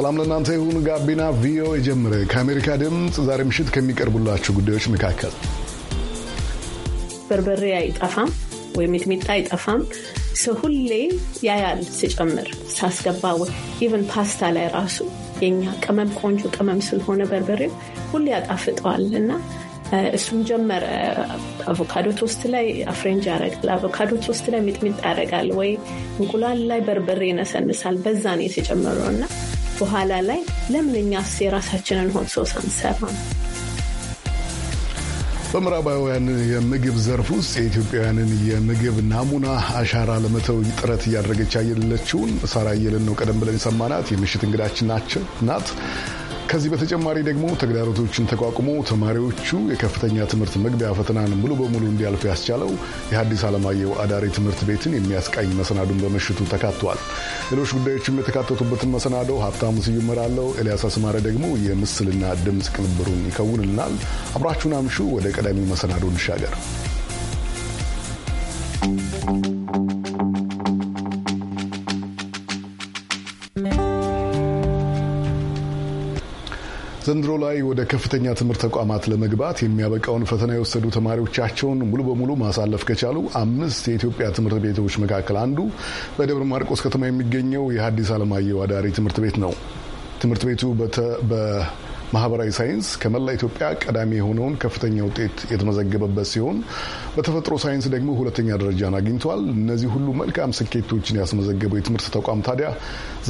ሰላም ለእናንተ ይሁን። ጋቢና ቪኦኤ ጀምረ ከአሜሪካ ድምፅ ዛሬ ምሽት ከሚቀርቡላችሁ ጉዳዮች መካከል በርበሬ አይጠፋም ወይም ሚጥሚጣ አይጠፋም። ሰው ሁሌ ያያል ስጨምር ሳስገባ፣ ኢቨን ፓስታ ላይ ራሱ የኛ ቅመም ቆንጆ ቅመም ስለሆነ በርበሬው ሁሌ ያጣፍጠዋል እና እሱም ጀመረ። አቮካዶ ቶስት ላይ አፍሬንጅ ያረጋል። አቮካዶ ቶስት ላይ ሚጥሚጣ ያረጋል ወይ እንቁላል ላይ በርበሬ ይነሰንሳል። በዛ ነው የተጨመረው እና በኋላ ላይ ለምን ስ የራሳችንን ሆን ሶስ አንሰራም? በምዕራባውያን የምግብ ዘርፍ ውስጥ የኢትዮጵያውያንን የምግብ ናሙና አሻራ ለመተው ጥረት እያደረገች ያለችውን ሳራ አየለን ነው ቀደም ብለን የሰማናት የምሽት እንግዳችን ናት። ከዚህ በተጨማሪ ደግሞ ተግዳሮቶችን ተቋቁሞ ተማሪዎቹ የከፍተኛ ትምህርት መግቢያ ፈተናን ሙሉ በሙሉ እንዲያልፉ ያስቻለው የሐዲስ ዓለማየሁ አዳሪ ትምህርት ቤትን የሚያስቃኝ መሰናዱን በምሽቱ ተካቷል። ሌሎች ጉዳዮችም የተካተቱበትን መሰናዶ ሀብታሙ ስዩም እመራለሁ። ኤልያስ አስማረ ደግሞ የምስልና ድምፅ ቅንብሩን ይከውንልናል። አብራችሁን አምሹ። ወደ ቀዳሚው መሰናዶ እንሻገር። ዘንድሮ ላይ ወደ ከፍተኛ ትምህርት ተቋማት ለመግባት የሚያበቃውን ፈተና የወሰዱ ተማሪዎቻቸውን ሙሉ በሙሉ ማሳለፍ ከቻሉ አምስት የኢትዮጵያ ትምህርት ቤቶች መካከል አንዱ በደብረ ማርቆስ ከተማ የሚገኘው የሀዲስ ዓለማየሁ አዳሪ ትምህርት ቤት ነው። ትምህርት ቤቱ ማህበራዊ ሳይንስ ከመላ ኢትዮጵያ ቀዳሚ የሆነውን ከፍተኛ ውጤት የተመዘገበበት ሲሆን በተፈጥሮ ሳይንስ ደግሞ ሁለተኛ ደረጃን አግኝተዋል። እነዚህ ሁሉ መልካም ስኬቶችን ያስመዘገበው የትምህርት ተቋም ታዲያ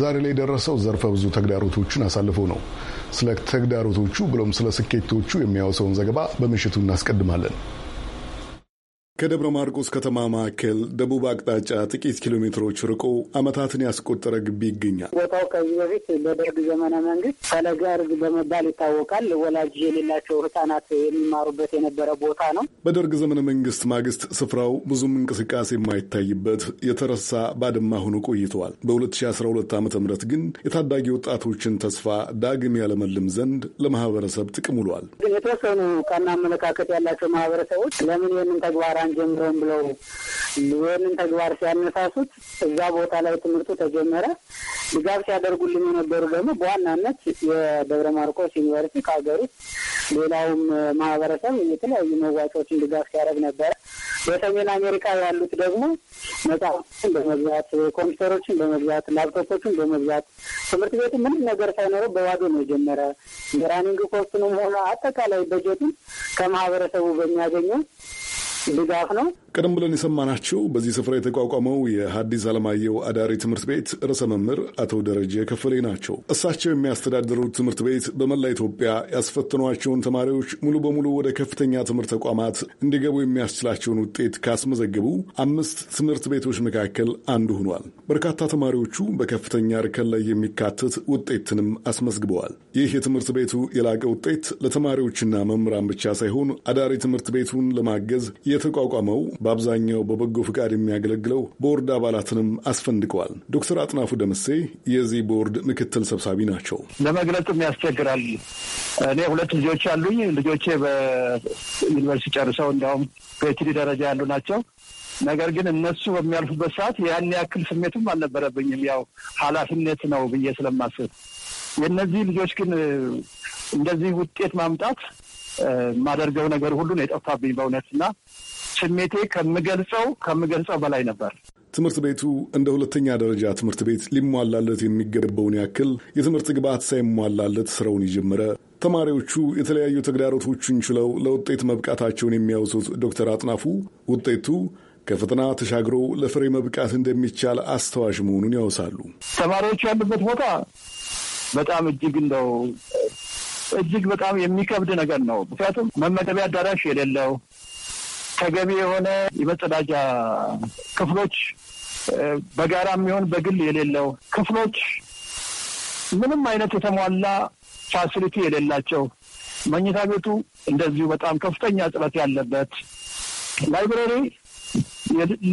ዛሬ ላይ የደረሰው ዘርፈ ብዙ ተግዳሮቶችን አሳልፎ ነው። ስለ ተግዳሮቶቹ ብሎም ስለ ስኬቶቹ የሚያወሰውን ዘገባ በምሽቱ እናስቀድማለን። ከደብረ ማርቆስ ከተማ ማዕከል ደቡብ አቅጣጫ ጥቂት ኪሎ ሜትሮች ርቆ ዓመታትን ያስቆጠረ ግቢ ይገኛል። ቦታው ከዚህ በፊት በደርግ ዘመነ መንግስት ፈለገ በመባል ይታወቃል። ወላጅ የሌላቸው ህፃናት የሚማሩበት የነበረ ቦታ ነው። በደርግ ዘመነ መንግስት ማግስት ስፍራው ብዙም እንቅስቃሴ የማይታይበት የተረሳ ባድማ ሆኖ ቆይተዋል። በ2012 ዓ ም ግን የታዳጊ ወጣቶችን ተስፋ ዳግም ያለመልም ዘንድ ለማህበረሰብ ጥቅም ውሏል። የተወሰኑ ቀና አመለካከት ያላቸው ማህበረሰቦች ለምን ይህንን ተግባራ አንጀምረውም ብለው ይህንን ተግባር ሲያነሳሱት እዛ ቦታ ላይ ትምህርቱ ተጀመረ። ድጋፍ ሲያደርጉልን የነበሩ ደግሞ በዋናነት የደብረ ማርቆስ ዩኒቨርሲቲ ከሀገር ውስጥ ሌላውም ማህበረሰብ የተለያዩ መዋጮዎችን ድጋፍ ሲያደርግ ነበረ። በሰሜን አሜሪካ ያሉት ደግሞ መጽሐፎችን በመግዛት ኮምፒውተሮችን በመግዛት ላፕቶፖችን በመግዛት ትምህርት ቤቱ ምንም ነገር ሳይኖረው በዋዶ ነው የጀመረ። የራኒንግ ኮስቱንም ሆነ አጠቃላይ በጀቱን ከማህበረሰቡ በሚያገኘው ድጋፍ ነው። ቀደም ብለን የሰማናቸው በዚህ ስፍራ የተቋቋመው የሐዲስ ዓለማየሁ አዳሪ ትምህርት ቤት ርዕሰ መምህር አቶ ደረጀ ከፈሌ ናቸው። እሳቸው የሚያስተዳድሩት ትምህርት ቤት በመላ ኢትዮጵያ ያስፈተኗቸውን ተማሪዎች ሙሉ በሙሉ ወደ ከፍተኛ ትምህርት ተቋማት እንዲገቡ የሚያስችላቸውን ውጤት ካስመዘገቡ አምስት ትምህርት ቤቶች መካከል አንዱ ሆኗል። በርካታ ተማሪዎቹ በከፍተኛ እርከን ላይ የሚካተት ውጤትንም አስመዝግበዋል። ይህ የትምህርት ቤቱ የላቀ ውጤት ለተማሪዎችና መምህራን ብቻ ሳይሆን አዳሪ ትምህርት ቤቱን ለማገዝ የተቋቋመው በአብዛኛው በበጎ ፍቃድ የሚያገለግለው ቦርድ አባላትንም አስፈንድቀዋል። ዶክተር አጥናፉ ደምሴ የዚህ ቦርድ ምክትል ሰብሳቢ ናቸው። ለመግለጽም ያስቸግራል። እኔ ሁለት ልጆች አሉኝ። ልጆቼ በዩኒቨርሲቲ ጨርሰው እንዲያውም ፒኤችዲ ደረጃ ያሉ ናቸው። ነገር ግን እነሱ በሚያልፉበት ሰዓት ያን ያክል ስሜቱም አልነበረብኝም። ያው ኃላፊነት ነው ብዬ ስለማስብ የእነዚህ ልጆች ግን እንደዚህ ውጤት ማምጣት የማደርገው ነገር ሁሉ ነው የጠፋብኝ በእውነትና ስሜቴ ከምገልጸው ከምገልጸው በላይ ነበር። ትምህርት ቤቱ እንደ ሁለተኛ ደረጃ ትምህርት ቤት ሊሟላለት የሚገባውን ያክል የትምህርት ግብዓት ሳይሟላለት ስራውን የጀመረ ተማሪዎቹ የተለያዩ ተግዳሮቶችን ችለው ለውጤት መብቃታቸውን የሚያወሱት ዶክተር አጥናፉ ውጤቱ ከፈተና ተሻግሮ ለፍሬ መብቃት እንደሚቻል አስተዋሽ መሆኑን ያወሳሉ። ተማሪዎቹ ያሉበት ቦታ በጣም እጅግ እንደው እጅግ በጣም የሚከብድ ነገር ነው። ምክንያቱም መመገቢያ አዳራሽ የሌለው ተገቢ የሆነ የመጸዳጃ ክፍሎች በጋራ የሚሆን በግል የሌለው ክፍሎች ምንም አይነት የተሟላ ፋሲሊቲ የሌላቸው መኝታ ቤቱ እንደዚሁ በጣም ከፍተኛ ጥረት ያለበት ላይብረሪ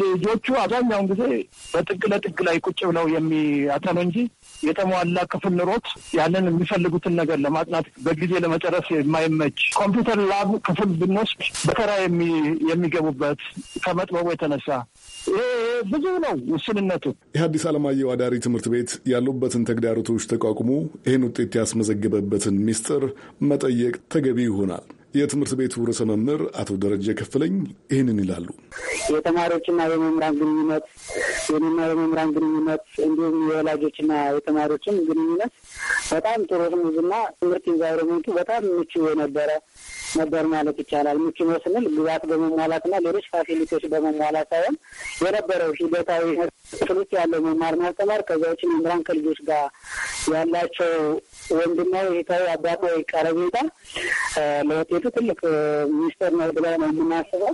ልጆቹ አብዛኛውን ጊዜ በጥግ ለጥግ ላይ ቁጭ ብለው የሚያጠኑ እንጂ የተሟላ ክፍል ኑሮት ያንን የሚፈልጉትን ነገር ለማጥናት በጊዜ ለመጨረስ የማይመች ኮምፒውተር ላብ ክፍል ብንወስድ በተራ የሚገቡበት ከመጥበቡ የተነሳ ብዙ ነው ውስንነቱ። የሀዲስ ዓለማየሁ አዳሪ ትምህርት ቤት ያሉበትን ተግዳሮቶች ተቋቁሞ ይህን ውጤት ያስመዘገበበትን ሚስጥር መጠየቅ ተገቢ ይሆናል። የትምህርት ቤቱ ርዕሰ መምህር አቶ ደረጀ ከፍለኝ ይህንን ይላሉ። የተማሪዎችና የመምህራን ግንኙነት የኔና የመምህራን ግንኙነት እንዲሁም የወላጆችና የተማሪዎችን ግንኙነት በጣም ጥሩ ህሙዝና ትምህርት ኢንቫይሮመንቱ በጣም ምቹ የነበረ ነበር ማለት ይቻላል። ምቹ ነው ስንል ግብዓት በመሟላትና ሌሎች ፋሲሊቲዎች በመሟላት ሳይሆን የነበረው ሂደታዊ ውስጥ ያለው መማር ማስተማር ከዛዎች መምህራን ከልጆች ጋር ያላቸው ወንድማዊ እህታዊ አባታዊ ቀረቤታ ለውጤቱ ትልቅ ሚስጥር ነው ብለን ነው የምናስበው።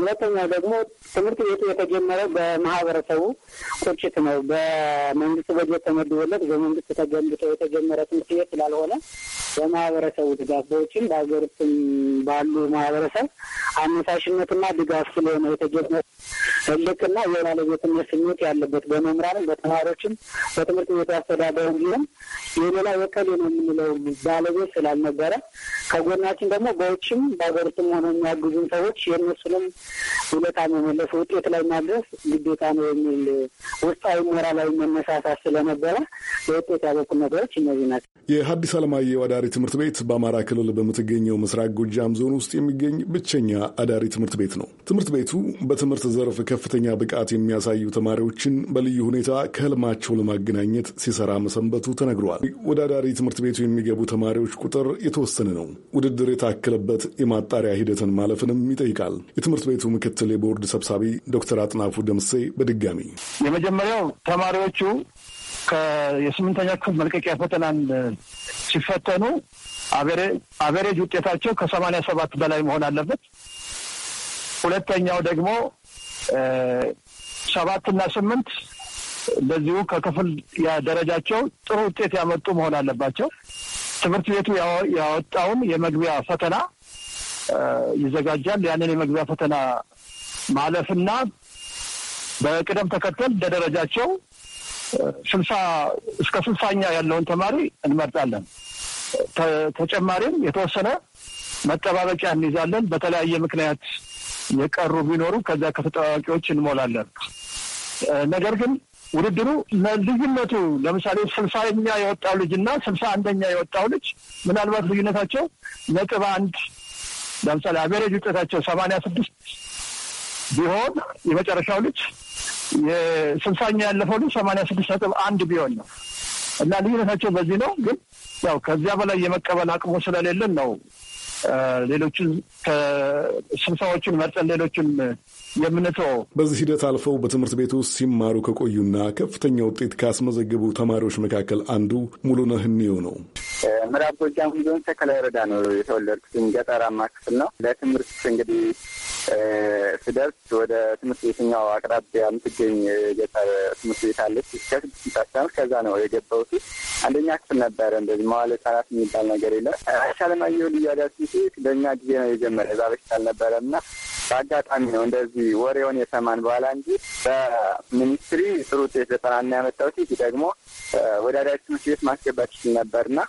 ሁለተኛው ደግሞ ትምህርት ቤቱ የተጀመረው በማህበረሰቡ ቁጭት ነው። በመንግስት በጀት ተመድቦለት በመንግስት ተገንብቶ የተጀመረ ትምህርት ቤት ስላልሆነ በማህበረሰቡ ድጋፍ በውጭም በሀገር ውስጥም ባሉ ማህበረሰብ አነሳሽነትና ድጋፍ ስለሆነ የተጀመ ትልቅና የባለቤትነት ስሜት ያለበት በመምህራንም በተማሪዎችም በትምህርት ቤቱ አስተዳደሩ ቢሆን የሌላ የቀሌ ነው የምንለው ባለቤት ስላልነበረ ከጎናችን ደግሞ በውጭም በሀገር ውስጥም ሆነ የሚያግዙን ሰዎች የእነሱንም ውለታ መመለስ ውጤት ላይ ማድረስ ግዴታ ነው የሚል ውስጣዊ ሞራላዊ መነሳሳት ስለነበረ ለውጤት ያበቁ ነገሮች እነዚህ ናቸው። የሀዲስ አለማየ ዓለማየሁ አዳሪ ትምህርት ቤት በአማራ ክልል በምትገኘው ምስራቅ ጎጃም ዞን ውስጥ የሚገኝ ብቸኛ አዳሪ ትምህርት ቤት ነው። ትምህርት ቤቱ በትምህርት ዘርፍ ከፍተኛ ብቃት የሚያሳዩ ተማሪዎችን በልዩ ሁኔታ ከህልማቸው ለማገናኘት ሲሰራ መሰንበቱ ተነግሯል። ወደ አዳሪ ትምህርት ቤቱ የሚገቡ ተማሪዎች ቁጥር የተወሰነ ነው። ውድድር የታከለበት የማጣሪያ ሂደትን ማለፍንም ይጠይቃል። የትምህርት ቤቱ ምክትል የቦርድ ሰብሳቢ ዶክተር አጥናፉ ደምሴ በድጋሚ የመጀመሪያው ተማሪዎቹ የስምንተኛ ክፍል መልቀቂያ ፈተናን ሲፈተኑ አቬሬጅ ውጤታቸው ከሰማንያ ሰባት በላይ መሆን አለበት። ሁለተኛው ደግሞ ሰባትና ስምንት እንደዚሁ ከክፍል ደረጃቸው ጥሩ ውጤት ያመጡ መሆን አለባቸው። ትምህርት ቤቱ ያወጣውን የመግቢያ ፈተና ይዘጋጃል። ያንን የመግቢያ ፈተና ማለፍና በቅደም ተከተል እንደ ደረጃቸው ስልሳ እስከ ስልሳኛ ያለውን ተማሪ እንመርጣለን። ተጨማሪም የተወሰነ መጠባበቂያ እንይዛለን። በተለያየ ምክንያት የቀሩ ቢኖሩ ከዚያ ከተጠባባቂዎች እንሞላለን። ነገር ግን ውድድሩ ልዩነቱ ለምሳሌ ስልሳኛ የወጣው ልጅ እና ስልሳ አንደኛ የወጣው ልጅ ምናልባት ልዩነታቸው ነጥብ አንድ ለምሳሌ አቬሬጅ ውጤታቸው ሰማንያ ስድስት ቢሆን የመጨረሻው ልጅ የስልሳኛ ያለፈው ግን ሰማንያ ስድስት ነጥብ አንድ ቢሆን ነው እና ልዩነታቸው በዚህ ነው። ግን ያው ከዚያ በላይ የመቀበል አቅሙ ስለሌለን ነው ሌሎችን ስልሳዎችን መርጠን ሌሎችን የምንተው። በዚህ ሂደት አልፈው በትምህርት ቤት ውስጥ ሲማሩ ከቆዩና ከፍተኛ ውጤት ካስመዘገቡ ተማሪዎች መካከል አንዱ ሙሉነህ እንየው ነው። ምዕራብ ጎጃም ዞን ሰከላ ወረዳ ነው የተወለድኩትን ገጠራማ ክፍል ነው። ለትምህርት እንግዲህ ስደርስ ወደ ትምህርት ቤትኛው አቅራቢያ የምትገኝ ገጠር ትምህርት ቤት አለች። ከስድስት ሳስተምር ከዛ ነው የገባሁት። አንደኛ ክፍል ነበረ። እንደዚህ መዋለ ህጻናት የሚባል ነገር የለም። ሻለማየሁ ልያዳ አዳሲ በእኛ ጊዜ ነው የጀመረ። እዛ በሽታ አልነበረም እና በአጋጣሚ ነው እንደዚህ ወሬውን የሰማን በኋላ እንጂ በሚኒስትሪ ጥሩ ውጤት ዘጠናና ያመጣው ሴት ደግሞ ወዳዳችሁ ሴት ማስገባት ይችል ነበርና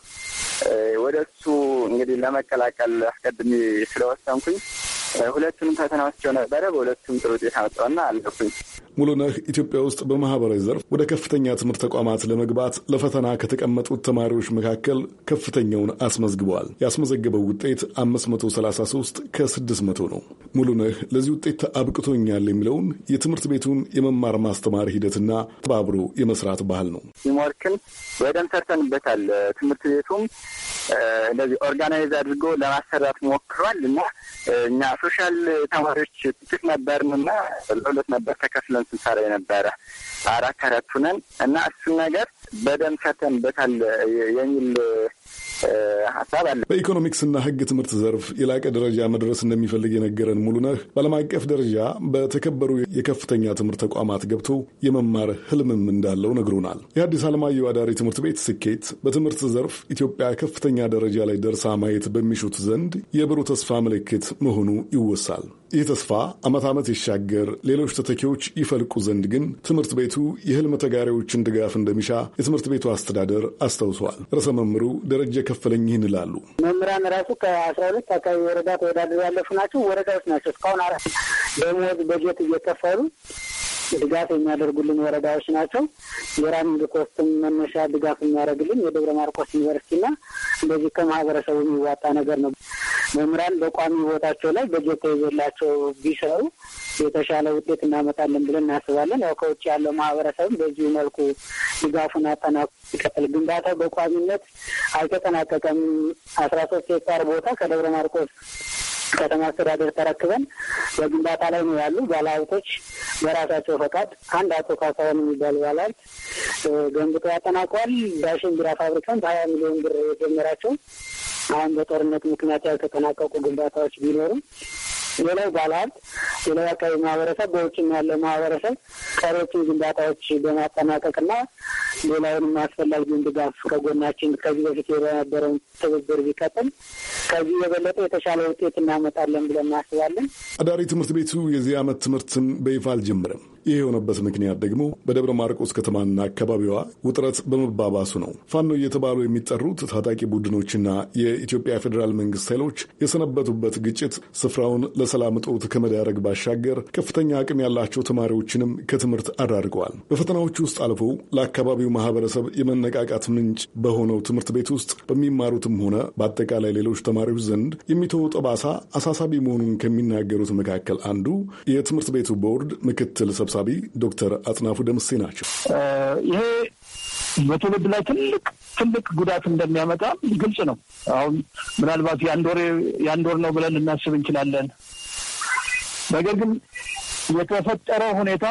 ወደ እሱ እንግዲህ ለመቀላቀል አስቀድሜ ስለወሰንኩኝ ሁለቱንም ፈተና ወስጄ ነበረ። በሁለቱም ጥሩ ውጤት አመጣሁና አለፍኩኝ። ሙሉነህ ኢትዮጵያ ውስጥ በማህበራዊ ዘርፍ ወደ ከፍተኛ ትምህርት ተቋማት ለመግባት ለፈተና ከተቀመጡት ተማሪዎች መካከል ከፍተኛውን አስመዝግበዋል። ያስመዘገበው ውጤት 533 ከ600 ነው። ሙሉነህ ለዚህ ውጤት አብቅቶኛል የሚለውን የትምህርት ቤቱን የመማር ማስተማር ሂደትና ተባብሮ የመስራት ባህል ነው። ቲምወርክን በደንብ ሰርተንበታል። ትምህርት ቤቱም እንደዚህ ኦርጋናይዝ አድርጎ ለማሰራት ሞክሯል እና እኛ ሶሻል ተማሪዎች ጥቂት ነበርን እና ለሁለት ነበር ተከፍለን ስንሰራ የነበረ አራት አራት ሁነን እና እሱን ነገር በደንብ ፈተንበታል የሚል ሀሳብ አለ። በኢኮኖሚክስና ህግ ትምህርት ዘርፍ የላቀ ደረጃ መድረስ እንደሚፈልግ የነገረን ሙሉነህ በዓለም አቀፍ ደረጃ በተከበሩ የከፍተኛ ትምህርት ተቋማት ገብቶ የመማር ህልምም እንዳለው ነግሮናል። የአዲስ አለማየሁ አዳሪ ትምህርት ቤት ስኬት በትምህርት ዘርፍ ኢትዮጵያ ከፍተኛ ደረጃ ላይ ደርሳ ማየት በሚሹት ዘንድ የብሩህ ተስፋ ምልክት መሆኑ ይወሳል። ይህ ተስፋ ዓመት ዓመት ይሻገር፣ ሌሎች ተተኪዎች ይፈልቁ ዘንድ ግን ትምህርት ቤቱ የህልም ተጋሪዎችን ድጋፍ እንደሚሻ የትምህርት ቤቱ አስተዳደር አስታውሰዋል። ርዕሰ መምህሩ ደረጀ ከፈለኝ ይህን ይላሉ። መምህራን ራሱ ከአስራ ሁለት አካባቢ ወረዳ ተወዳድረው ያለፉ ናቸው ወረዳዎች ናቸው። እስካሁን አራት ደሞዝ በጀት እየከፈሉ ድጋፍ የሚያደርጉልን ወረዳዎች ናቸው። የራኒንግ ኮስትም መነሻ ድጋፍ የሚያደርግልን የደብረ ማርቆስ ዩኒቨርሲቲና እንደዚህ ከማህበረሰቡ የሚዋጣ ነገር ነው። መምህራን በቋሚ ቦታቸው ላይ በጀት ተይዞላቸው ቢሰሩ የተሻለ ውጤት እናመጣለን ብለን እናስባለን። ያው ከውጭ ያለው ማህበረሰብም በዚህ መልኩ ድጋፉን አጠና ይቀጥል። ግንባታው በቋሚነት አልተጠናቀቀም። አስራ ሶስት ሄክታር ቦታ ከደብረ ማርቆስ ከተማ አስተዳደር ተረክበን በግንባታ ላይ ነው ያሉ ባለሀብቶች በራሳቸው ፈቃድ አንድ አቶ ካሳሁን የሚባል ባለሀብት ገንብቶ ያጠናቋል። ዳሽን ቢራ ፋብሪካን በሀያ ሚሊዮን ብር የጀመራቸው አሁን በጦርነት ምክንያት ያልተጠናቀቁ ግንባታዎች ቢኖሩም ሌላው ባለሀብት፣ ሌላው አካባቢ ማህበረሰብ፣ በውጭም ያለው ማህበረሰብ ቀሪዎችን ግንባታዎች በማጠናቀቅና ሌላውንም አስፈላጊውን ድጋፍ ከጎናችን ከዚህ በፊት የነበረውን ትብብር ቢቀጥል ከዚህ የበለጠ የተሻለ ውጤት እናመጣለን ብለን እናስባለን። አዳሪ ትምህርት ቤቱ የዚህ ዓመት ትምህርትን በይፋ አልጀምርም። ይህ የሆነበት ምክንያት ደግሞ በደብረ ማርቆስ ከተማና አካባቢዋ ውጥረት በመባባሱ ነው። ፋኖ እየተባሉ የሚጠሩት ታጣቂ ቡድኖችና የኢትዮጵያ ፌዴራል መንግስት ኃይሎች የሰነበቱበት ግጭት ስፍራውን ለሰላም እጦት ከመዳረግ ባሻገር ከፍተኛ አቅም ያላቸው ተማሪዎችንም ከትምህርት አዳርገዋል። በፈተናዎች ውስጥ አልፎ ለአካባቢው ማህበረሰብ የመነቃቃት ምንጭ በሆነው ትምህርት ቤት ውስጥ በሚማሩትም ሆነ በአጠቃላይ ሌሎች ተማሪዎች ዘንድ የሚተወው ጠባሳ አሳሳቢ መሆኑን ከሚናገሩት መካከል አንዱ የትምህርት ቤቱ ቦርድ ምክትል ሰብሳቢ ዶክተር አጽናፉ ደምሴ ናቸው። በትውልድ ላይ ትልቅ ትልቅ ጉዳት እንደሚያመጣ ግልጽ ነው። አሁን ምናልባት የአንድ ወር የአንድ ወር ነው ብለን ልናስብ እንችላለን። ነገር ግን የተፈጠረው ሁኔታ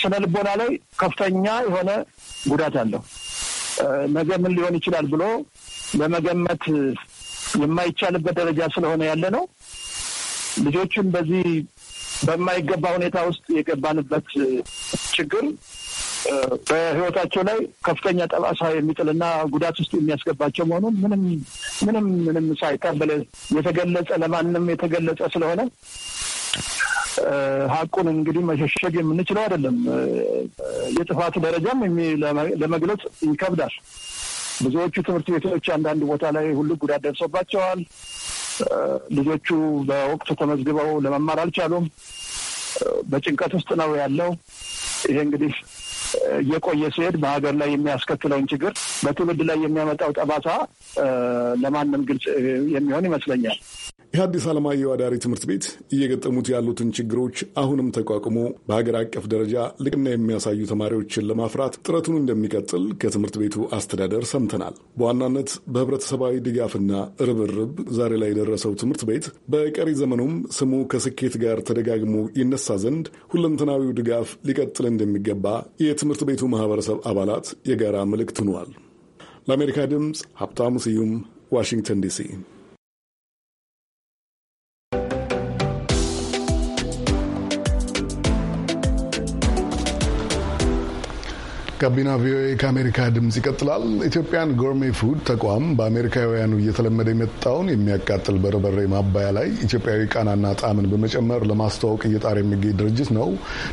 ስነ ልቦና ላይ ከፍተኛ የሆነ ጉዳት አለው። ነገ ምን ሊሆን ይችላል ብሎ ለመገመት የማይቻልበት ደረጃ ስለሆነ ያለ ነው። ልጆችን በዚህ በማይገባ ሁኔታ ውስጥ የገባንበት ችግር በህይወታቸው ላይ ከፍተኛ ጠባሳ የሚጥልና ጉዳት ውስጥ የሚያስገባቸው መሆኑን ምንም ምንም ምንም ሳይታበለ የተገለጸ ለማንም የተገለጸ ስለሆነ ሀቁን እንግዲህ መሸሸግ የምንችለው አይደለም። የጥፋት ደረጃም ለመግለጽ ይከብዳል። ብዙዎቹ ትምህርት ቤቶች አንዳንድ ቦታ ላይ ሁሉ ጉዳት ደርሶባቸዋል። ልጆቹ በወቅቱ ተመዝግበው ለመማር አልቻሉም። በጭንቀት ውስጥ ነው ያለው። ይሄ እንግዲህ እየቆየ ሲሄድ በሀገር ላይ የሚያስከትለውን ችግር፣ በትውልድ ላይ የሚያመጣው ጠባሳ ለማንም ግልጽ የሚሆን ይመስለኛል። የሐዲስ ዓለማየሁ አዳሪ ትምህርት ቤት እየገጠሙት ያሉትን ችግሮች አሁንም ተቋቁሞ በሀገር አቀፍ ደረጃ ልቅና የሚያሳዩ ተማሪዎችን ለማፍራት ጥረቱን እንደሚቀጥል ከትምህርት ቤቱ አስተዳደር ሰምተናል። በዋናነት በህብረተሰባዊ ድጋፍና ርብርብ ዛሬ ላይ የደረሰው ትምህርት ቤት በቀሪ ዘመኑም ስሙ ከስኬት ጋር ተደጋግሞ ይነሳ ዘንድ ሁለንተናዊው ድጋፍ ሊቀጥል እንደሚገባ የትምህርት ቤቱ ማህበረሰብ አባላት የጋራ መልእክት ሆኗል። ለአሜሪካ ድምፅ ሀብታሙ ስዩም ዋሽንግተን ዲሲ ጋቢና ቪኦኤ ከአሜሪካ ድምፅ ይቀጥላል። ኢትዮጵያን ጎርሜ ፉድ ተቋም በአሜሪካውያኑ እየተለመደ የመጣውን የሚያቃጥል በርበሬ ማባያ ላይ ኢትዮጵያዊ ቃናና ጣዕምን በመጨመር ለማስተዋወቅ እየጣር የሚገኝ ድርጅት ነው።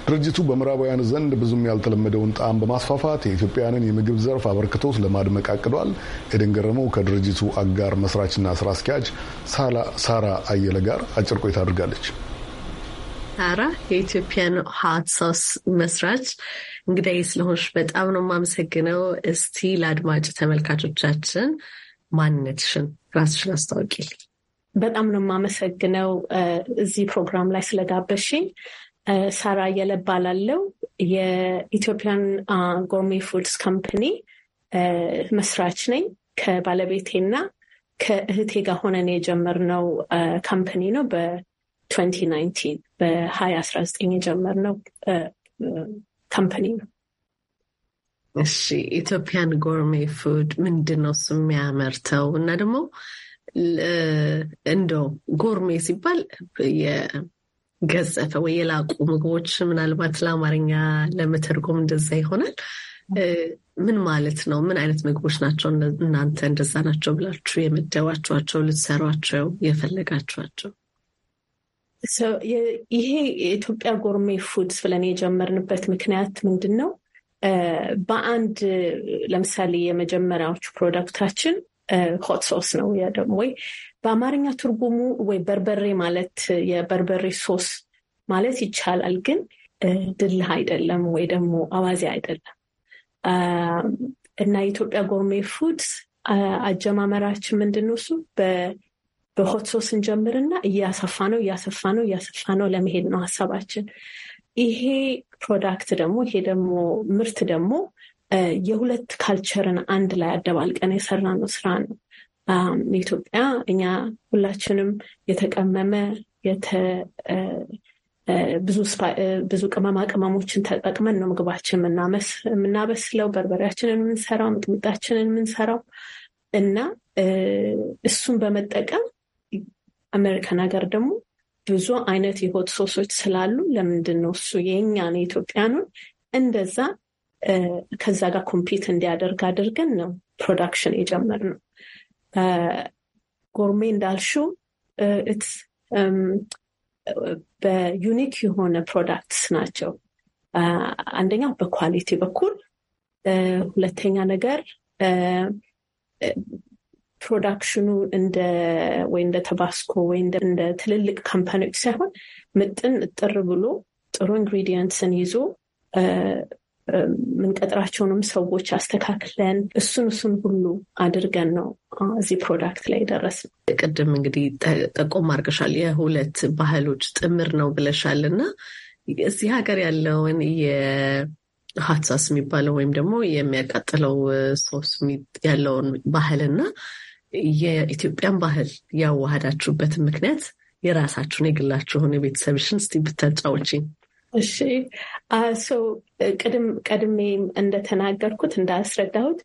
ድርጅቱ በምዕራባውያን ዘንድ ብዙም ያልተለመደውን ጣዕም በማስፋፋት የኢትዮጵያንን የምግብ ዘርፍ አበርክቶት ለማድመቅ አቅዷል። ኤደን ገረመው ከድርጅቱ አጋር መስራችና ስራ አስኪያጅ ሳራ አየለ ጋር አጭር ቆይታ አድርጋለች። ሳራ የኢትዮጵያን ሀት ሶስ መስራች እንግዳዬ ስለሆንሽ በጣም ነው የማመሰግነው። እስቲ ለአድማጭ ተመልካቾቻችን ማንነትሽን ራስሽን አስታውቂልኝ። በጣም ነው የማመሰግነው እዚህ ፕሮግራም ላይ ስለጋበሽኝ። ሳራ እየለባላለው የኢትዮጵያን ጎርሜ ፉድስ ካምፕኒ መስራች ነኝ። ከባለቤቴና ከእህቴ ጋር ሆነን የጀመርነው ካምፕኒ ነው። 2019 በ2019 የጀመርነው ካምፓኒ ነው። እሺ ኢትዮጵያን ጎርሜ ፉድ ምንድን ነው እሱ የሚያመርተው? እና ደግሞ እንደው ጎርሜ ሲባል የገጸፈ ወይ የላቁ ምግቦች ምናልባት ለአማርኛ ለመተርጎም እንደዛ ይሆናል። ምን ማለት ነው? ምን አይነት ምግቦች ናቸው እናንተ እንደዛ ናቸው ብላችሁ የመደባችኋቸው ልትሰሯቸው የፈለጋችኋቸው? ይሄ የኢትዮጵያ ጎርሜ ፉድስ ብለን የጀመርንበት ምክንያት ምንድን ነው? በአንድ ለምሳሌ የመጀመሪያዎቹ ፕሮዳክታችን ሆት ሶስ ነው ደግሞ ወይ በአማርኛ ትርጉሙ ወይ በርበሬ ማለት የበርበሬ ሶስ ማለት ይቻላል። ግን ድልህ አይደለም ወይ ደግሞ አዋዜ አይደለም እና የኢትዮጵያ ጎርሜ ፉድስ አጀማመራችን ምንድን ነው እሱ በሆት ሶስ እንጀምርና እያሰፋ ነው እያሰፋ ነው እያሰፋ ነው ለመሄድ ነው ሀሳባችን። ይሄ ፕሮዳክት ደግሞ ይሄ ደግሞ ምርት ደግሞ የሁለት ካልቸርን አንድ ላይ አደባልቀን የሰራነው ስራ ነው። ኢትዮጵያ እኛ ሁላችንም የተቀመመ ብዙ ቅመማ ቅመሞችን ተጠቅመን ነው ምግባችን የምናበስለው፣ በርበሬያችንን የምንሰራው፣ ምጥምጣችንን የምንሰራው እና እሱን በመጠቀም አሜሪካን ሀገር ደግሞ ብዙ አይነት የሆት ሶሶች ስላሉ ለምንድን ነው እሱ የእኛን የኢትዮጵያኑን እንደዛ ከዛ ጋር ኮምፒት እንዲያደርግ አድርገን ነው ፕሮዳክሽን የጀመርነው። ጎርሜ እንዳልሽው በዩኒክ የሆነ ፕሮዳክትስ ናቸው። አንደኛው በኳሊቲ በኩል ሁለተኛ ነገር ፕሮዳክሽኑ እንደ ወይ እንደ ተባስኮ ወይ እንደ ትልልቅ ካምፓኒዎች ሳይሆን ምጥን እጥር ብሎ ጥሩ ኢንግሪዲየንትስን ይዞ ምንቀጥራቸውንም ሰዎች አስተካክለን እሱን እሱን ሁሉ አድርገን ነው እዚህ ፕሮዳክት ላይ ደረስ ነው። ቅድም እንግዲህ ጠቆም አድርገሻል፣ የሁለት ባህሎች ጥምር ነው ብለሻል እና እዚህ ሀገር ያለውን የሀትሳስ የሚባለው ወይም ደግሞ የሚያቃጥለው ሶስ ያለውን ባህልና የኢትዮጵያን ባህል ያዋሃዳችሁበትን ምክንያት የራሳችሁን የግላችሁን የቤተሰብሽን እስቲ ብታጫዎችኝ። እሺ ሰው እንደተናገርኩት እንዳስረዳሁት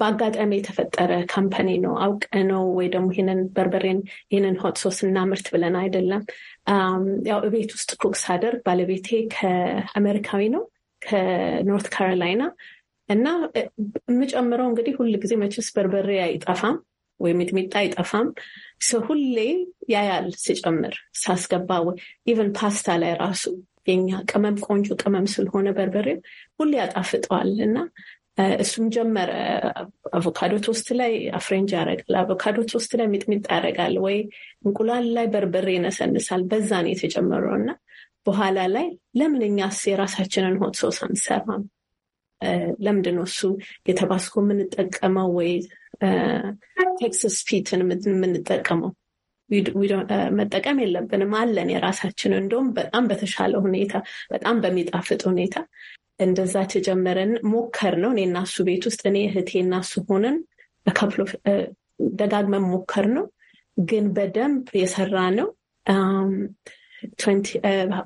በአጋጣሚ የተፈጠረ ካምፓኒ ነው። አውቀ ነው ወይ ደግሞ ይህንን በርበሬን ይህንን ሆት ሶስ እናምርት ብለን አይደለም። ያው ቤት ውስጥ ኩክ ሳደርግ ባለቤቴ ከአሜሪካዊ ነው ከኖርት ካሮላይና እና የምጨምረው እንግዲህ ሁል ጊዜ መችስ በርበሬ አይጠፋም ወይ ሚጥሚጣ አይጠፋም። ሁሌ ያያል ሲጨምር ሳስገባ፣ ወይ ኢቨን ፓስታ ላይ ራሱ የኛ ቅመም ቆንጆ ቅመም ስለሆነ በርበሬ ሁሌ ያጣፍጠዋል እና እሱም ጀመረ። አቮካዶ ቶስት ላይ አፍሬንጅ ያደርጋል። አቮካዶ ቶስት ላይ ሚጥሚጣ ያደርጋል፣ ወይ እንቁላል ላይ በርበሬ ይነሰንሳል። በዛ ነው እና በኋላ ላይ ለምን እኛስ የራሳችንን ሆት ሶስ አንሰራም? ለምንድን ነው እሱ የምንጠቀመው ወይ ቴክስስ ፊትን የምንጠቀመው uh, መጠቀም የለብንም አለን የራሳችን እንደውም በጣም በተሻለ ሁኔታ በጣም በሚጣፍጥ ሁኔታ እንደዛ ተጀመረን ሞከር ነው እኔ እናሱ ቤት ውስጥ እኔ እህቴ እናሱ እሱ ሆነን በካፕሎ uh, ደጋግመን ሞከር ነው ግን በደንብ የሰራ ነው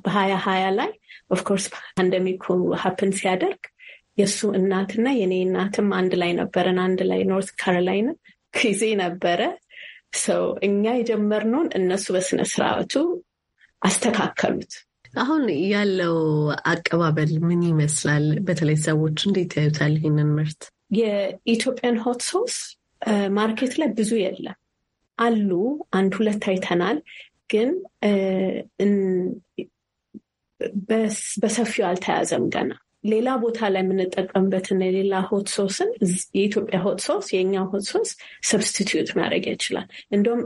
በሀያ ሀያ ላይ ኦፍኮርስ ፓንደሚኩ ሀፕን ሲያደርግ የእሱ እናትና የኔ እናትም አንድ ላይ ነበረን። አንድ ላይ ኖርት ካሮላይና ጊዜ ነበረ። ሰው እኛ የጀመርነውን እነሱ በስነስርዓቱ አስተካከሉት። አሁን ያለው አቀባበል ምን ይመስላል? በተለይ ሰዎች እንዴት ያዩታል ይህንን ምርት? የኢትዮጵያን ሆት ሶስ ማርኬት ላይ ብዙ የለም አሉ። አንድ ሁለት አይተናል፣ ግን በሰፊው አልተያዘም ገና ሌላ ቦታ ላይ የምንጠቀምበትን የሌላ ሆት ሶስን የኢትዮጵያ ሆት ሶስ የእኛ ሆት ሶስ ሰብስቲትዩት ማድረግ ይችላል። እንደውም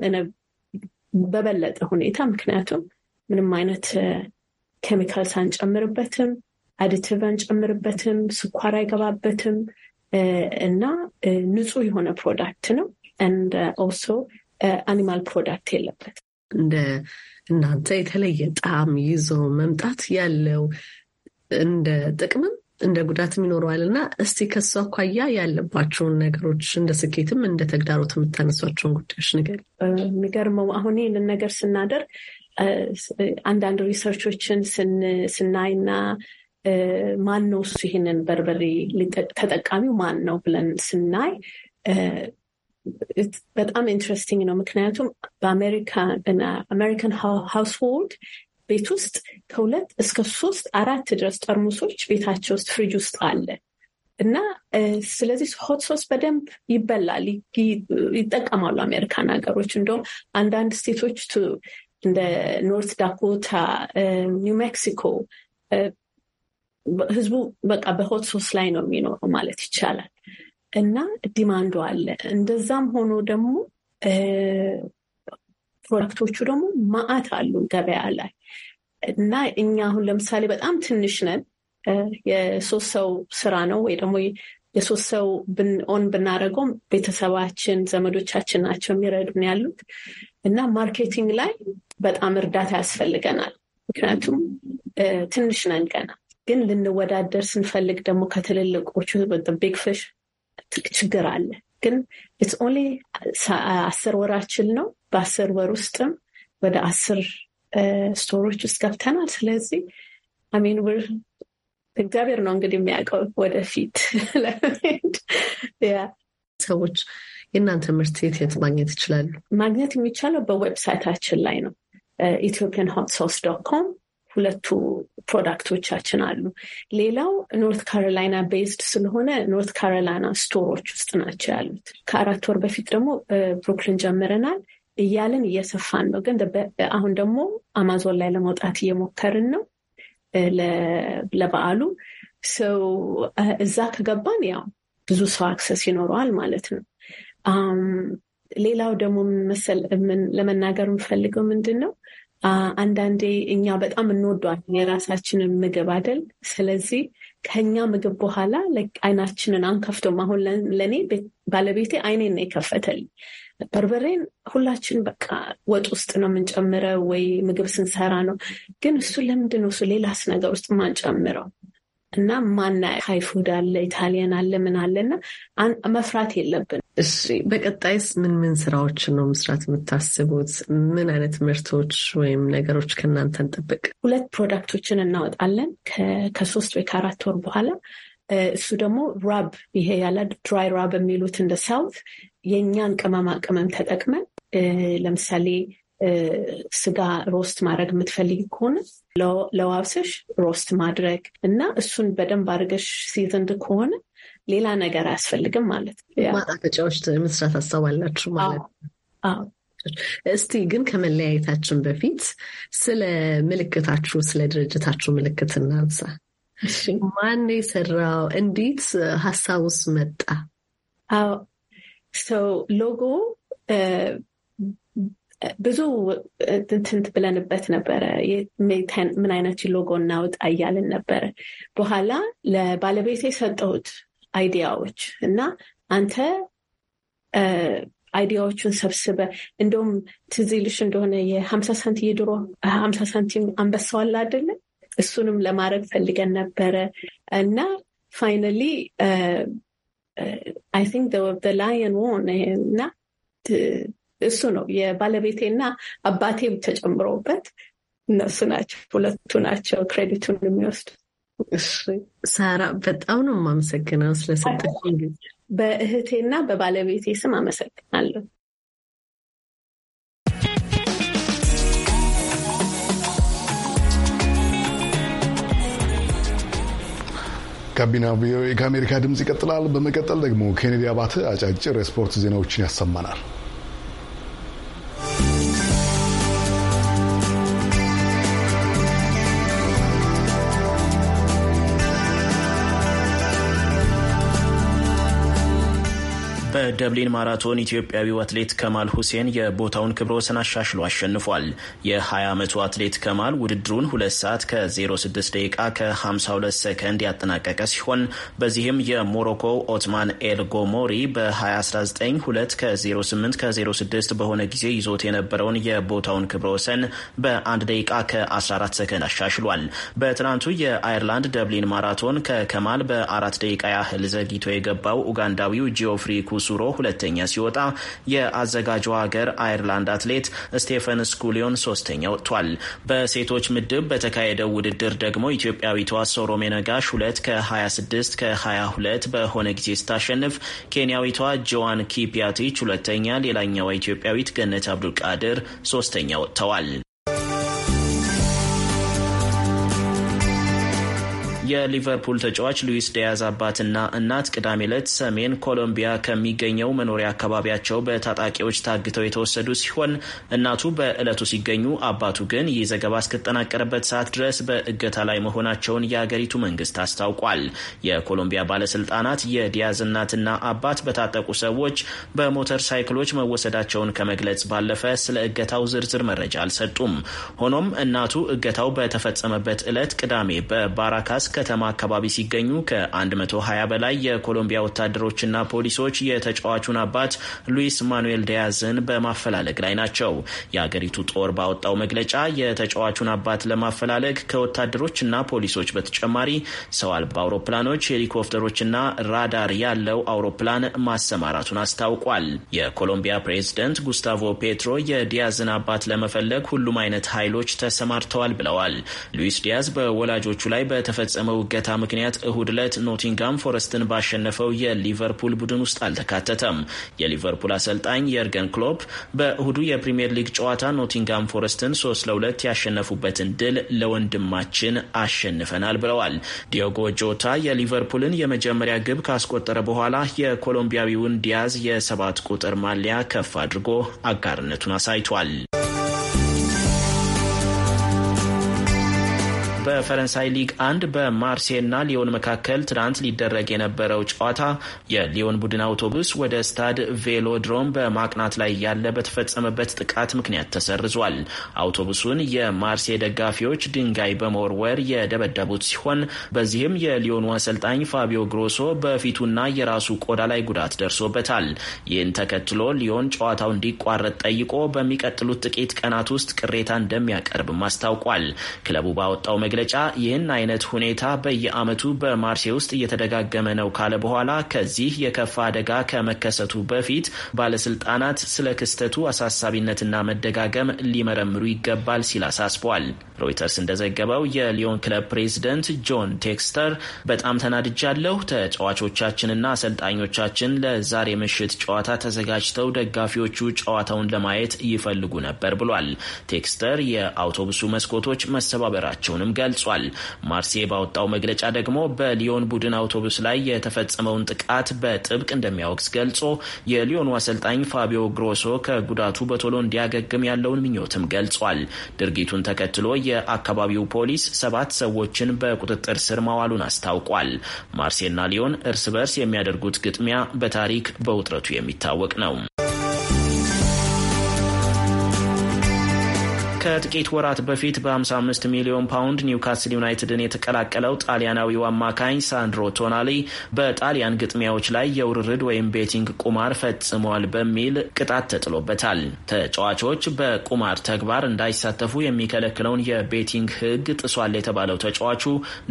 በበለጠ ሁኔታ ምክንያቱም ምንም አይነት ኬሚካልስ አንጨምርበትም፣ አዲቲቭ አንጨምርበትም፣ ስኳር አይገባበትም እና ንጹህ የሆነ ፕሮዳክት ነው። እንደ ኦልሶ አኒማል ፕሮዳክት የለበትም። እንደ እናንተ የተለየ ጣዕም ይዞ መምጣት ያለው እንደ ጥቅምም እንደ ጉዳትም ይኖረዋል እና እስቲ ከሱ አኳያ ያለባቸውን ነገሮች እንደ ስኬትም እንደ ተግዳሮት የምታነሷቸውን ጉዳዮች ንገሪ። የሚገርመው አሁን ይህንን ነገር ስናደርግ አንዳንድ ሪሰርቾችን ስናይና ማን ነው እሱ ይህንን በርበሬ ተጠቃሚው ማን ነው ብለን ስናይ በጣም ኢንትረስቲንግ ነው። ምክንያቱም አሜሪካን ሃውስሆልድ ቤት ውስጥ ከሁለት እስከ ሶስት አራት ድረስ ጠርሙሶች ቤታቸው ውስጥ ፍሪጅ ውስጥ አለ እና ስለዚህ ሆት ሶስ በደንብ ይበላል፣ ይጠቀማሉ አሜሪካን ሀገሮች። እንደውም አንዳንድ ስቴቶች እንደ ኖርት ዳኮታ፣ ኒው ሜክሲኮ ህዝቡ በቃ በሆት ሶስ ላይ ነው የሚኖረው ማለት ይቻላል እና ዲማንዱ አለ። እንደዛም ሆኖ ደግሞ ፕሮዳክቶቹ ደግሞ ማአት አሉ ገበያ ላይ እና እኛ አሁን ለምሳሌ በጣም ትንሽ ነን። የሶስት ሰው ስራ ነው ወይ ደግሞ የሶስት ሰው ኦን ብናደርገውም ቤተሰባችን፣ ዘመዶቻችን ናቸው የሚረዱን ያሉት እና ማርኬቲንግ ላይ በጣም እርዳታ ያስፈልገናል። ምክንያቱም ትንሽ ነን ገና። ግን ልንወዳደር ስንፈልግ ደግሞ ከትልልቆቹ ቢግ ፊሽ ችግር አለ። ግን ኢትስ ኦንሊ አስር ወራችን ነው። በአስር ወር ውስጥም ወደ አስር ስቶሮች ውስጥ ገብተናል። ስለዚህ አሚን እግዚአብሔር ነው እንግዲህ የሚያውቀው ወደፊት ሰዎች የእናንተ ምርት የት የት ማግኘት ይችላሉ? ማግኘት የሚቻለው በዌብሳይታችን ላይ ነው ኢትዮጵያን ሆት ሶስ ዶት ኮም ሁለቱ ፕሮዳክቶቻችን አሉ። ሌላው ኖርት ካሮላይና ቤዝድ ስለሆነ ኖርት ካሮላይና ስቶሮች ውስጥ ናቸው ያሉት። ከአራት ወር በፊት ደግሞ ብሩክሊን ጀምረናል እያልን እየሰፋን ነው። ግን አሁን ደግሞ አማዞን ላይ ለመውጣት እየሞከርን ነው ለበዓሉ ሰው እዛ ከገባን ያው ብዙ ሰው አክሰስ ይኖረዋል ማለት ነው። ሌላው ደግሞ ለመናገር የምፈልገው ምንድን ነው አንዳንዴ እኛ በጣም እንወዷለን የራሳችንን ምግብ አይደል? ስለዚህ ከኛ ምግብ በኋላ አይናችንን አንከፍቶም። አሁን ለእኔ ባለቤቴ አይኔን ነው የከፈተልኝ። በርበሬን ሁላችን በቃ ወጥ ውስጥ ነው የምንጨምረው ወይ ምግብ ስንሰራ ነው። ግን እሱ ለምንድን ነው እሱ ሌላስ ነገር ውስጥ ማንጨምረው? እና ማና ሀይ ፉድ አለ፣ ኢታሊያን አለ፣ ምን አለ እና መፍራት የለብን። እሺ፣ በቀጣይስ ምን ምን ስራዎችን ነው መስራት የምታስቡት? ምን አይነት ምርቶች ወይም ነገሮች ከእናንተ እንጠብቅ? ሁለት ፕሮዳክቶችን እናወጣለን ከሶስት ወይ ከአራት ወር በኋላ እሱ ደግሞ ራብ ይሄ ያለ ድራይ ራብ የሚሉት እንደ ሳውት የእኛን ቅመማ ቅመም ተጠቅመን ለምሳሌ ስጋ ሮስት ማድረግ የምትፈልግ ከሆነ ለዋብሰሽ ሮስት ማድረግ እና እሱን በደንብ አድርገሽ ሲዝንድ ከሆነ ሌላ ነገር አያስፈልግም ማለት ነው። ማጣፈጫዎች መስራት ሀሳብ ማለት ነው። እስቲ ግን ከመለያየታችን በፊት ስለ ምልክታችሁ ስለ ድርጅታችሁ ምልክት እናንሳ። ማን የሰራው? እንዴት ሀሳብ ውስጥ መጣ? ሎጎ ብዙ ትንትንት ብለንበት ነበረ። ምን አይነት ሎጎ እናውጣ እያልን ነበረ። በኋላ ለባለቤት የሰጠሁት አይዲያዎች እና አንተ አይዲያዎቹን ሰብስበ እንደውም ትዝ ይልሽ እንደሆነ የሀምሳ ሳንቲም የድሮ ሀምሳ ሳንቲም አንበሳዋላ አይደለ? እሱንም ለማድረግ ፈልገን ነበረ እና ፋይናሊ አይ ቲንክ ላየን ዎን እና እሱ ነው የባለቤቴና አባቴም ተጨምሮበት እነሱ ናቸው ሁለቱ ናቸው ክሬዲቱን የሚወስዱ። ሳራ በጣም ነው የማመሰግነው ስለሰጠሽኝ ጊዜ። በእህቴና በባለቤቴ ስም አመሰግናለሁ። ጋቢና ቪኦኤ ከአሜሪካ ድምፅ ይቀጥላል። በመቀጠል ደግሞ ኬኔዲ አባተ አጫጭር የስፖርት ዜናዎችን ያሰማናል። በደብሊን ማራቶን ኢትዮጵያዊው አትሌት ከማል ሁሴን የቦታውን ክብረ ወሰን አሻሽሎ አሸንፏል። የ20 ዓመቱ አትሌት ከማል ውድድሩን 2 ሰዓት ከ06 ደቂቃ ከ52 ሰከንድ ያጠናቀቀ ሲሆን በዚህም የሞሮኮ ኦትማን ኤል ጎሞሪ በ2019 ከ08 ከ06 በሆነ ጊዜ ይዞት የነበረውን የቦታውን ክብረ ወሰን በ1 ደቂቃ ከ14 ሰከንድ አሻሽሏል። በትናንቱ የአይርላንድ ደብሊን ማራቶን ከከማል በአራት ደቂቃ ያህል ዘግይቶ የገባው ኡጋንዳዊው ጂኦፍሪ ኩሱሮ ሁለተኛ ሲወጣ የአዘጋጁ ሀገር አይርላንድ አትሌት ስቴፈን ስኩሊዮን ሶስተኛ ወጥቷል። በሴቶች ምድብ በተካሄደው ውድድር ደግሞ ኢትዮጵያዊቷ ሶሮሜ ነጋሽ ሁለት ከ26 ከ22 በሆነ ጊዜ ስታሸንፍ ኬንያዊቷ ጆዋን ኪፒያቲች ሁለተኛ፣ ሌላኛዋ ኢትዮጵያዊት ገነት አብዱልቃድር ሶስተኛ ወጥተዋል። የሊቨርፑል ተጫዋች ሉዊስ ዲያዝ አባትና እናት ቅዳሜ ዕለት ሰሜን ኮሎምቢያ ከሚገኘው መኖሪያ አካባቢያቸው በታጣቂዎች ታግተው የተወሰዱ ሲሆን እናቱ በዕለቱ ሲገኙ አባቱ ግን ይህ ዘገባ እስከተጠናቀረበት ሰዓት ድረስ በእገታ ላይ መሆናቸውን የአገሪቱ መንግስት አስታውቋል። የኮሎምቢያ ባለስልጣናት የዲያዝ እናትና አባት በታጠቁ ሰዎች በሞተር ሳይክሎች መወሰዳቸውን ከመግለጽ ባለፈ ስለ እገታው ዝርዝር መረጃ አልሰጡም። ሆኖም እናቱ እገታው በተፈጸመበት ዕለት ቅዳሜ በባራካስ ከተማ አካባቢ ሲገኙ ከ120 በላይ የኮሎምቢያ ወታደሮችና ፖሊሶች የተጫዋቹን አባት ሉዊስ ማኑኤል ዲያዝን በማፈላለግ ላይ ናቸው። የአገሪቱ ጦር ባወጣው መግለጫ የተጫዋቹን አባት ለማፈላለግ ከወታደሮችና ፖሊሶች በተጨማሪ ሰው አልባ አውሮፕላኖች፣ ሄሊኮፕተሮችና ራዳር ያለው አውሮፕላን ማሰማራቱን አስታውቋል። የኮሎምቢያ ፕሬዝደንት ጉስታቮ ፔትሮ የዲያዝን አባት ለመፈለግ ሁሉም አይነት ኃይሎች ተሰማርተዋል ብለዋል። ሉዊስ ዲያዝ በወላጆቹ ላይ በተፈጸመ በተፈጸመው እገታ ምክንያት እሁድ ዕለት ኖቲንጋም ፎረስትን ባሸነፈው የሊቨርፑል ቡድን ውስጥ አልተካተተም። የሊቨርፑል አሰልጣኝ የርገን ክሎፕ በእሁዱ የፕሪምየር ሊግ ጨዋታ ኖቲንጋም ፎረስትን ሶስት ለሁለት ያሸነፉበትን ድል ለወንድማችን አሸንፈናል ብለዋል። ዲዮጎ ጆታ የሊቨርፑልን የመጀመሪያ ግብ ካስቆጠረ በኋላ የኮሎምቢያዊውን ዲያዝ የሰባት ቁጥር ማሊያ ከፍ አድርጎ አጋርነቱን አሳይቷል። በፈረንሳይ ሊግ አንድ በማርሴይና ሊዮን መካከል ትናንት ሊደረግ የነበረው ጨዋታ የሊዮን ቡድን አውቶቡስ ወደ ስታድ ቬሎድሮም በማቅናት ላይ ያለ በተፈጸመበት ጥቃት ምክንያት ተሰርዟል። አውቶቡሱን የማርሴይ ደጋፊዎች ድንጋይ በመወርወር የደበደቡት ሲሆን በዚህም የሊዮኑ አሰልጣኝ ፋቢዮ ግሮሶ በፊቱና የራሱ ቆዳ ላይ ጉዳት ደርሶበታል። ይህን ተከትሎ ሊዮን ጨዋታው እንዲቋረጥ ጠይቆ በሚቀጥሉት ጥቂት ቀናት ውስጥ ቅሬታ እንደሚያቀርብም አስታውቋል። ክለቡ ባወጣው መግለጫ ይህን አይነት ሁኔታ በየዓመቱ በማርሴ ውስጥ እየተደጋገመ ነው ካለ በኋላ ከዚህ የከፋ አደጋ ከመከሰቱ በፊት ባለስልጣናት ስለ ክስተቱ አሳሳቢነትና መደጋገም ሊመረምሩ ይገባል ሲል አሳስቧል። ሮይተርስ እንደዘገበው የሊዮን ክለብ ፕሬዝደንት ጆን ቴክስተር በጣም ተናድጃለሁ፣ ተጫዋቾቻችንና አሰልጣኞቻችን ለዛሬ ምሽት ጨዋታ ተዘጋጅተው ደጋፊዎቹ ጨዋታውን ለማየት ይፈልጉ ነበር ብሏል። ቴክስተር የአውቶቡሱ መስኮቶች መሰባበራቸውንም ገ ገልጿል። ማርሴ ባወጣው መግለጫ ደግሞ በሊዮን ቡድን አውቶቡስ ላይ የተፈጸመውን ጥቃት በጥብቅ እንደሚያወግዝ ገልጾ የሊዮኑ አሰልጣኝ ፋቢዮ ግሮሶ ከጉዳቱ በቶሎ እንዲያገግም ያለውን ምኞትም ገልጿል። ድርጊቱን ተከትሎ የአካባቢው ፖሊስ ሰባት ሰዎችን በቁጥጥር ስር ማዋሉን አስታውቋል። ማርሴና ሊዮን እርስ በርስ የሚያደርጉት ግጥሚያ በታሪክ በውጥረቱ የሚታወቅ ነው። ከጥቂት ወራት በፊት በ55 ሚሊዮን ፓውንድ ኒውካስል ዩናይትድን የተቀላቀለው ጣሊያናዊው አማካኝ ሳንድሮ ቶናሊ በጣሊያን ግጥሚያዎች ላይ የውርርድ ወይም ቤቲንግ ቁማር ፈጽሟል በሚል ቅጣት ተጥሎበታል። ተጫዋቾች በቁማር ተግባር እንዳይሳተፉ የሚከለክለውን የቤቲንግ ሕግ ጥሷል የተባለው ተጫዋቹ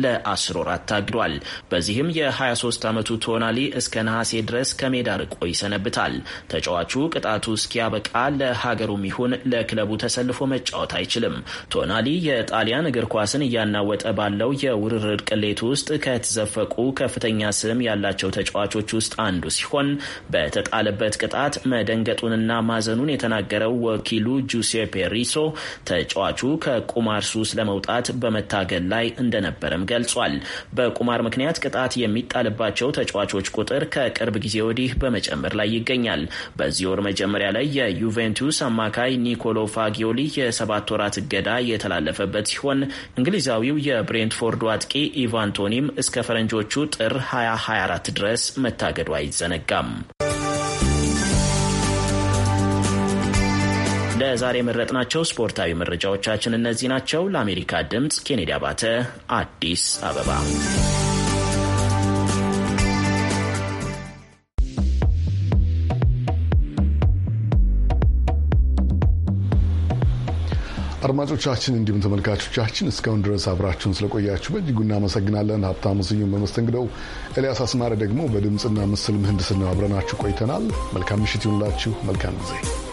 ለአስር ወራት ታግዷል። በዚህም የ23 ዓመቱ ቶናሊ እስከ ነሐሴ ድረስ ከሜዳ ርቆ ይሰነብታል። ተጫዋቹ ቅጣቱ እስኪያበቃ ለሀገሩም ይሁን ለክለቡ ተሰልፎ መጫወት መጫወት አይችልም። ቶናሊ የጣሊያን እግር ኳስን እያናወጠ ባለው የውርርድ ቅሌት ውስጥ ከተዘፈቁ ከፍተኛ ስም ያላቸው ተጫዋቾች ውስጥ አንዱ ሲሆን በተጣለበት ቅጣት መደንገጡንና ማዘኑን የተናገረው ወኪሉ ጁሴፔ ሪሶ ተጫዋቹ ከቁማር ሱስ ለመውጣት በመታገል ላይ እንደነበረም ገልጿል። በቁማር ምክንያት ቅጣት የሚጣልባቸው ተጫዋቾች ቁጥር ከቅርብ ጊዜ ወዲህ በመጨመር ላይ ይገኛል። በዚህ ወር መጀመሪያ ላይ የዩቬንቱስ አማካይ ኒኮሎ ፋጊዮሊ የሰባ የሰባት ወራት እገዳ የተላለፈበት ሲሆን እንግሊዛዊው የብሬንትፎርዱ አጥቂ ኢቫንቶኒም እስከ ፈረንጆቹ ጥር 2024 ድረስ መታገዱ አይዘነጋም። ለዛሬ የመረጥናቸው ስፖርታዊ መረጃዎቻችን እነዚህ ናቸው። ለአሜሪካ ድምፅ ኬኔዲ አባተ አዲስ አበባ አድማጮቻችን እንዲሁም ተመልካቾቻችን እስካሁን ድረስ አብራችሁን ስለቆያችሁ በእጅጉ እናመሰግናለን። ሀብታሙ ስዩም በመስተንግደው፣ ኤልያስ አስማሪ ደግሞ በድምፅና ምስል ምህንድስና አብረናችሁ ቆይተናል። መልካም ምሽት ይሁንላችሁ። መልካም ጊዜ